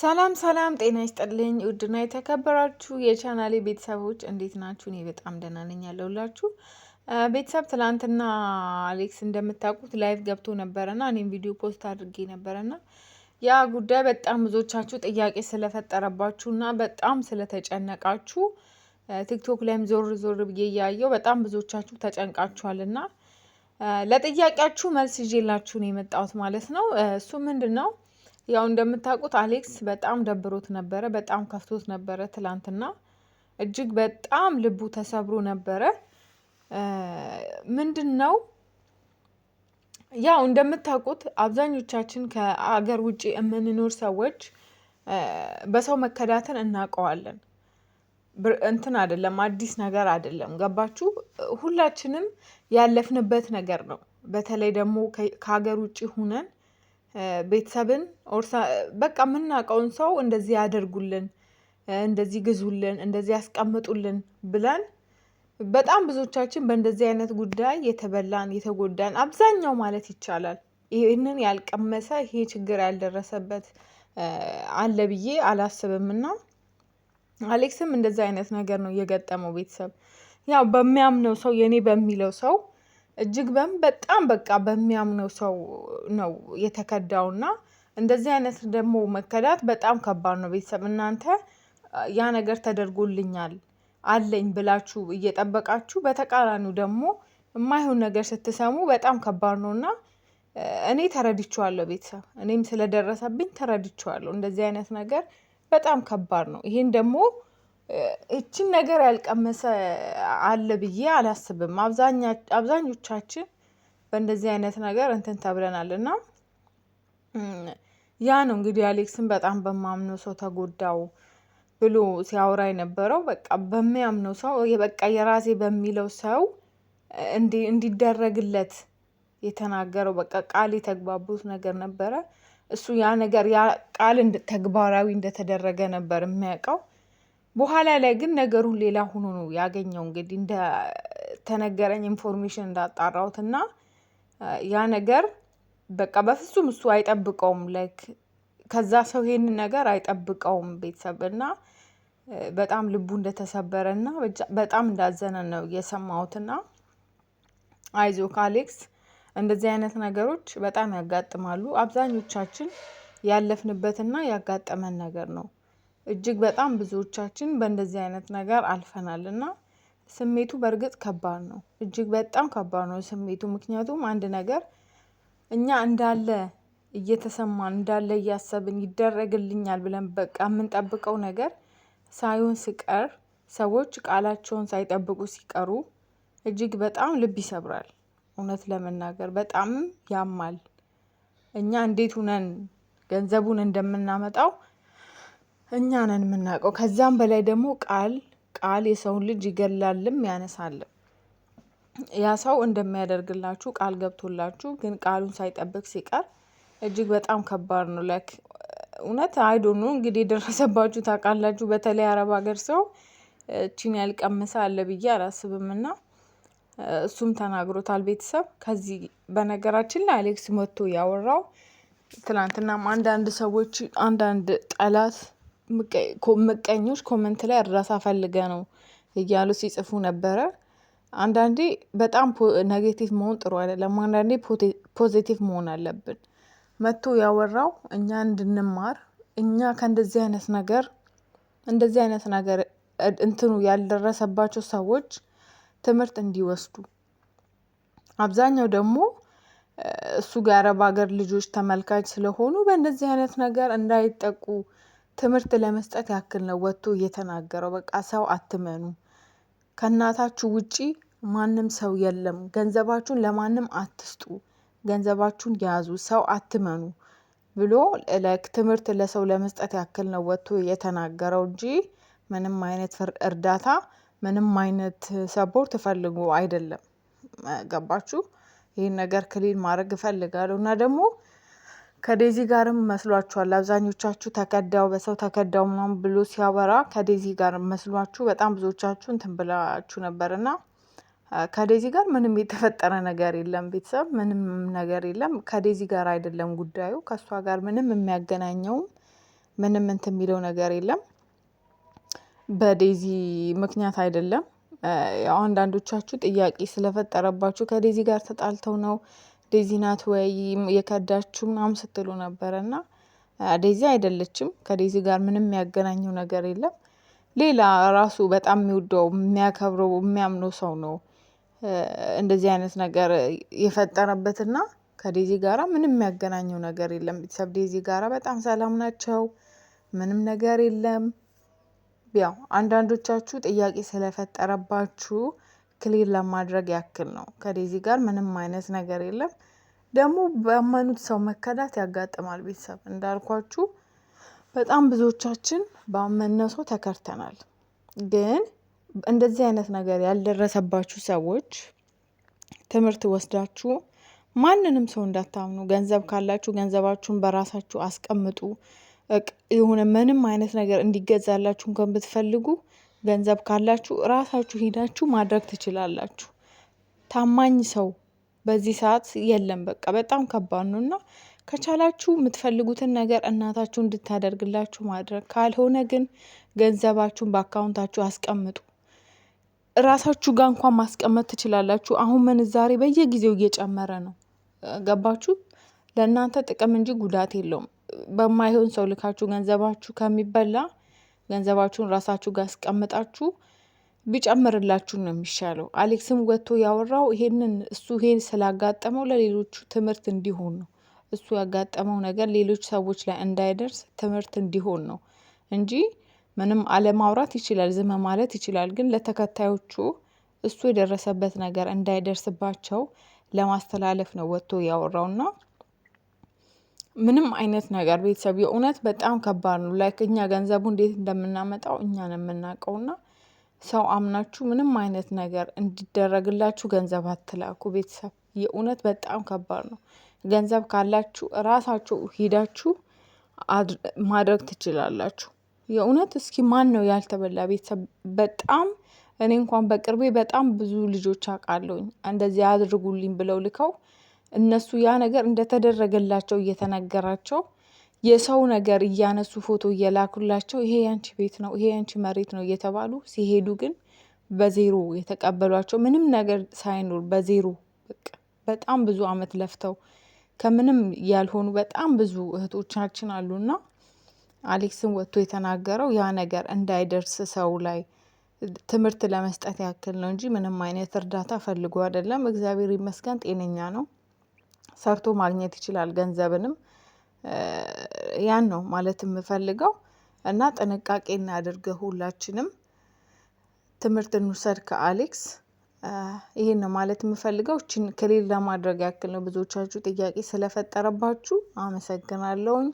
ሰላም ሰላም፣ ጤና ይስጥልኝ ውድና የተከበራችሁ የቻናሌ ቤተሰቦች እንዴት ናችሁ? እኔ በጣም ደህና ነኝ ያለሁላችሁ። ቤተሰብ ትላንትና አሌክስ እንደምታውቁት ላይቭ ገብቶ ነበረና እኔም ቪዲዮ ፖስት አድርጌ ነበረና ያ ጉዳይ በጣም ብዙዎቻችሁ ጥያቄ ስለፈጠረባችሁና በጣም ስለተጨነቃችሁ ቲክቶክ ላይም ዞር ዞር ብዬ እያየው በጣም ብዙዎቻችሁ ተጨንቃችኋልና ለጥያቄያችሁ መልስ ይዤላችሁ ነው የመጣሁት ማለት ነው። እሱ ምንድን ነው ያው እንደምታውቁት አሌክስ በጣም ደብሮት ነበረ፣ በጣም ከፍቶት ነበረ። ትላንትና እጅግ በጣም ልቡ ተሰብሮ ነበረ። ምንድን ነው ያው እንደምታውቁት አብዛኞቻችን ከአገር ውጭ የምንኖር ሰዎች በሰው መከዳትን እናውቀዋለን። እንትን አይደለም አዲስ ነገር አይደለም። ገባችሁ? ሁላችንም ያለፍንበት ነገር ነው። በተለይ ደግሞ ከሀገር ውጭ ሁነን ቤተሰብን ኦርሳ በቃ የምናውቀውን ሰው እንደዚህ ያደርጉልን፣ እንደዚህ ግዙልን፣ እንደዚህ ያስቀምጡልን ብለን በጣም ብዙዎቻችን በእንደዚህ አይነት ጉዳይ የተበላን የተጎዳን አብዛኛው ማለት ይቻላል ይህንን ያልቀመሰ ይሄ ችግር ያልደረሰበት አለ ብዬ አላስብም። እና አሌክስም እንደዚህ አይነት ነገር ነው የገጠመው። ቤተሰብ ያው በሚያምነው ሰው የኔ በሚለው ሰው እጅግ በም በጣም በቃ በሚያምነው ሰው ነው የተከዳውና እንደዚህ አይነት ደግሞ መከዳት በጣም ከባድ ነው። ቤተሰብ እናንተ ያ ነገር ተደርጎልኛል አለኝ ብላችሁ እየጠበቃችሁ በተቃራኒው ደግሞ የማይሆን ነገር ስትሰሙ በጣም ከባድ ነው። እና እኔ ተረድቼዋለሁ ቤተሰብ እኔም ስለደረሰብኝ ተረድቼዋለሁ። እንደዚህ አይነት ነገር በጣም ከባድ ነው። ይህን ደግሞ እችን ነገር ያልቀመሰ አለ ብዬ አላስብም። አብዛኞቻችን በእንደዚህ አይነት ነገር እንትን ተብለናል እና ያ ነው እንግዲህ አሌክስን በጣም በማምነው ሰው ተጎዳው ብሎ ሲያወራ የነበረው በቃ በሚያምነው ሰው በቃ የራሴ በሚለው ሰው እንዲደረግለት የተናገረው በቃ ቃል የተግባቡት ነገር ነበረ። እሱ ያ ነገር ያ ቃል ተግባራዊ እንደተደረገ ነበር የሚያውቀው። በኋላ ላይ ግን ነገሩን ሌላ ሆኖ ነው ያገኘው። እንግዲህ እንደተነገረኝ ኢንፎርሜሽን እንዳጣራሁት እና ያ ነገር በቃ በፍጹም እሱ አይጠብቀውም። ላይክ ከዛ ሰው ይሄንን ነገር አይጠብቀውም ቤተሰብ እና በጣም ልቡ እንደተሰበረ እና በጣም እንዳዘነ ነው የሰማሁትና አይዞክ አሌክስ፣ እንደዚህ አይነት ነገሮች በጣም ያጋጥማሉ። አብዛኞቻችን ያለፍንበትና ያጋጠመን ነገር ነው። እጅግ በጣም ብዙዎቻችን በእንደዚህ አይነት ነገር አልፈናል እና ስሜቱ በእርግጥ ከባድ ነው። እጅግ በጣም ከባድ ነው ስሜቱ ምክንያቱም አንድ ነገር እኛ እንዳለ እየተሰማን እንዳለ እያሰብን ይደረግልኛል ብለን በቃ የምንጠብቀው ነገር ሳይሆን ስቀር ሰዎች ቃላቸውን ሳይጠብቁ ሲቀሩ እጅግ በጣም ልብ ይሰብራል። እውነት ለመናገር በጣምም ያማል። እኛ እንዴት ሁነን ገንዘቡን እንደምናመጣው እኛ ነን የምናውቀው። ከዛም በላይ ደግሞ ቃል ቃል የሰውን ልጅ ይገላልም ያነሳልም። ያ ሰው እንደሚያደርግላችሁ ቃል ገብቶላችሁ ግን ቃሉን ሳይጠብቅ ሲቀር እጅግ በጣም ከባድ ነው። ላይክ እውነት አይዶኑ እንግዲህ የደረሰባችሁ ታውቃላችሁ። በተለይ አረብ ሀገር ሰው እቺን ያልቀምሰ አለ ብዬ አላስብም። እና እሱም ተናግሮታል ቤተሰብ። ከዚህ በነገራችን ላይ አሌክስ መጥቶ ያወራው ትናንትናም አንዳንድ ሰዎች አንዳንድ ጠላት ምቀኞች ኮመንት ላይ እርዳታ ፈልገ ነው እያሉ ሲጽፉ ነበረ። አንዳንዴ በጣም ኔጌቲቭ መሆን ጥሩ አይደለም። አንዳንዴ ፖዚቲቭ መሆን አለብን። መጥቶ ያወራው እኛ እንድንማር እኛ ከእንደዚህ አይነት ነገር እንደዚህ አይነት ነገር እንትኑ ያልደረሰባቸው ሰዎች ትምህርት እንዲወስዱ አብዛኛው ደግሞ እሱ ጋር የአረብ ሀገር ልጆች ተመልካች ስለሆኑ በእንደዚህ አይነት ነገር እንዳይጠቁ ትምህርት ለመስጠት ያክል ነው ወጥቶ የተናገረው። በቃ ሰው አትመኑ፣ ከእናታችሁ ውጪ ማንም ሰው የለም፣ ገንዘባችሁን ለማንም አትስጡ፣ ገንዘባችሁን ያዙ፣ ሰው አትመኑ ብሎ ትምህርት ለሰው ለመስጠት ያክል ነው ወጥቶ የተናገረው እንጂ ምንም አይነት እርዳታ ምንም አይነት ሰፖርት ፈልጎ አይደለም። ገባችሁ? ይህን ነገር ክሊን ማድረግ እፈልጋለሁ እና ደግሞ ከዴዚ ጋርም መስሏችኋል። አብዛኞቻችሁ ተከዳው በሰው ተከዳው ምናምን ብሎ ሲያወራ ከዴዚ ጋር መስሏችሁ በጣም ብዙዎቻችሁ እንትን ብላችሁ ነበር እና ከዴዚ ጋር ምንም የተፈጠረ ነገር የለም። ቤተሰብ ምንም ነገር የለም። ከዴዚ ጋር አይደለም ጉዳዩ። ከእሷ ጋር ምንም የሚያገናኘውም ምንም እንትን የሚለው ነገር የለም። በዴዚ ምክንያት አይደለም። ያው አንዳንዶቻችሁ ጥያቄ ስለፈጠረባችሁ ከዴዚ ጋር ተጣልተው ነው ዴዚ ናት ወይ የከዳችሁ ምናምን ስትሉ ነበረ እና ዴዚ አይደለችም። ከዴዚ ጋር ምንም የሚያገናኘው ነገር የለም። ሌላ ራሱ በጣም የሚወደው የሚያከብረው የሚያምነው ሰው ነው እንደዚህ አይነት ነገር የፈጠረበት እና ከዴዚ ጋራ ምንም የሚያገናኘው ነገር የለም። ቤተሰብ ዴዚ ጋራ በጣም ሰላም ናቸው። ምንም ነገር የለም። ያው አንዳንዶቻችሁ ጥያቄ ስለፈጠረባችሁ ክሊር ለማድረግ ያክል ነው። ከዴዚ ጋር ምንም አይነት ነገር የለም። ደግሞ ባመኑት ሰው መከዳት ያጋጥማል። ቤተሰብ እንዳልኳችሁ በጣም ብዙዎቻችን ባመነው ሰው ተከርተናል። ግን እንደዚህ አይነት ነገር ያልደረሰባችሁ ሰዎች ትምህርት ወስዳችሁ ማንንም ሰው እንዳታምኑ። ገንዘብ ካላችሁ ገንዘባችሁን በራሳችሁ አስቀምጡ። የሆነ ምንም አይነት ነገር እንዲገዛላችሁ ከምትፈልጉ ገንዘብ ካላችሁ እራሳችሁ ሄዳችሁ ማድረግ ትችላላችሁ። ታማኝ ሰው በዚህ ሰዓት የለም። በቃ በጣም ከባድ ነው እና ከቻላችሁ የምትፈልጉትን ነገር እናታችሁ እንድታደርግላችሁ ማድረግ፣ ካልሆነ ግን ገንዘባችሁን በአካውንታችሁ አስቀምጡ። ራሳችሁ ጋር እንኳን ማስቀመጥ ትችላላችሁ። አሁን ምንዛሬ በየጊዜው እየጨመረ ነው። ገባችሁ? ለእናንተ ጥቅም እንጂ ጉዳት የለውም። በማይሆን ሰው ልካችሁ ገንዘባችሁ ከሚበላ ገንዘባችሁን ራሳችሁ ጋር አስቀምጣችሁ ቢጨምርላችሁ ነው የሚሻለው። አሌክስም ወጥቶ ያወራው ይሄንን እሱ ይሄን ስላጋጠመው ለሌሎቹ ትምህርት እንዲሆን ነው። እሱ ያጋጠመው ነገር ሌሎች ሰዎች ላይ እንዳይደርስ ትምህርት እንዲሆን ነው እንጂ ምንም አለማውራት ይችላል፣ ዝም ማለት ይችላል። ግን ለተከታዮቹ እሱ የደረሰበት ነገር እንዳይደርስባቸው ለማስተላለፍ ነው ወጥቶ ያወራውና ምንም አይነት ነገር ቤተሰብ የእውነት በጣም ከባድ ነው። ላይክ እኛ ገንዘቡ እንዴት እንደምናመጣው እኛ ነው የምናውቀው። እና ሰው አምናችሁ ምንም አይነት ነገር እንዲደረግላችሁ ገንዘብ አትላኩ። ቤተሰብ የእውነት በጣም ከባድ ነው። ገንዘብ ካላችሁ እራሳችሁ ሂዳችሁ ማድረግ ትችላላችሁ። የእውነት እስኪ ማን ነው ያልተበላ ቤተሰብ? በጣም እኔ እንኳን በቅርቤ በጣም ብዙ ልጆች አውቃለሁኝ እንደዚህ አድርጉልኝ ብለው ልከው እነሱ ያ ነገር እንደተደረገላቸው እየተነገራቸው የሰው ነገር እያነሱ ፎቶ እየላኩላቸው ይሄ ያንቺ ቤት ነው፣ ይሄ ያንቺ መሬት ነው እየተባሉ ሲሄዱ ግን በዜሮ የተቀበሏቸው ምንም ነገር ሳይኖር በዜሮ በጣም ብዙ አመት ለፍተው ከምንም ያልሆኑ በጣም ብዙ እህቶቻችን አሉና አሌክስን ወጥቶ የተናገረው ያ ነገር እንዳይደርስ ሰው ላይ ትምህርት ለመስጠት ያክል ነው እንጂ ምንም አይነት እርዳታ ፈልጎ አይደለም። እግዚአብሔር ይመስገን ጤነኛ ነው። ሰርቶ ማግኘት ይችላል ገንዘብንም። ያን ነው ማለት የምፈልገው። እና ጥንቃቄ እናድርግ ሁላችንም ትምህርት እንውሰድ ከአሌክስ። ይህን ነው ማለት የምፈልገው እችን ክሊር ለማድረግ ያክል ነው ብዙዎቻችሁ ጥያቄ ስለፈጠረባችሁ አመሰግናለሁኝ